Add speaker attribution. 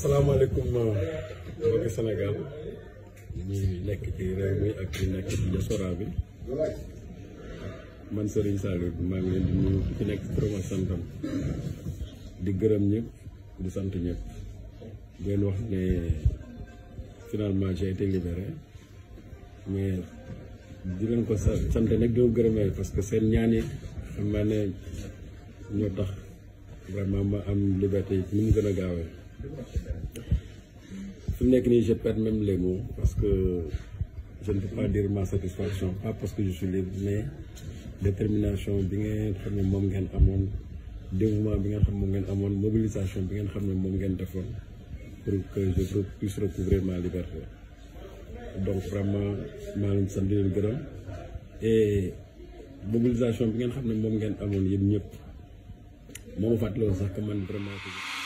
Speaker 1: salaamaaleykum euh, mbokki Sénégal ñi nekk ci réew mi ak nekk ci man Serigne Saliou bi leen di nekk turam santam di gërëm ñëpp di sant ñëpp di leen wax ne finalement j'ai été libéré mais di leen ko sant nag di ko gërëmee parce que seen ñaan yi xam naa ne ñoo tax vraiment ma am liberté yi ni gën a gaawee. fi mu nekk nii je perds même les mots parce que je ne peux pas dire ma satisfaction pas parce que je suis libre mais détermination bi ngeen xam ne moom ngeen amoon dévouement bi ngeen xam moom ngeen amoon mobilisation bi ngeen xam ne moom ngeen defoon pour que je puisse recouvrer ma liberté donc vraiment maa leen sant di leen gërëm mobilisation bi ngeen xam ne moom ngeen amoon yéen ñëpp moo ma fàttaloon sax que man vraiment.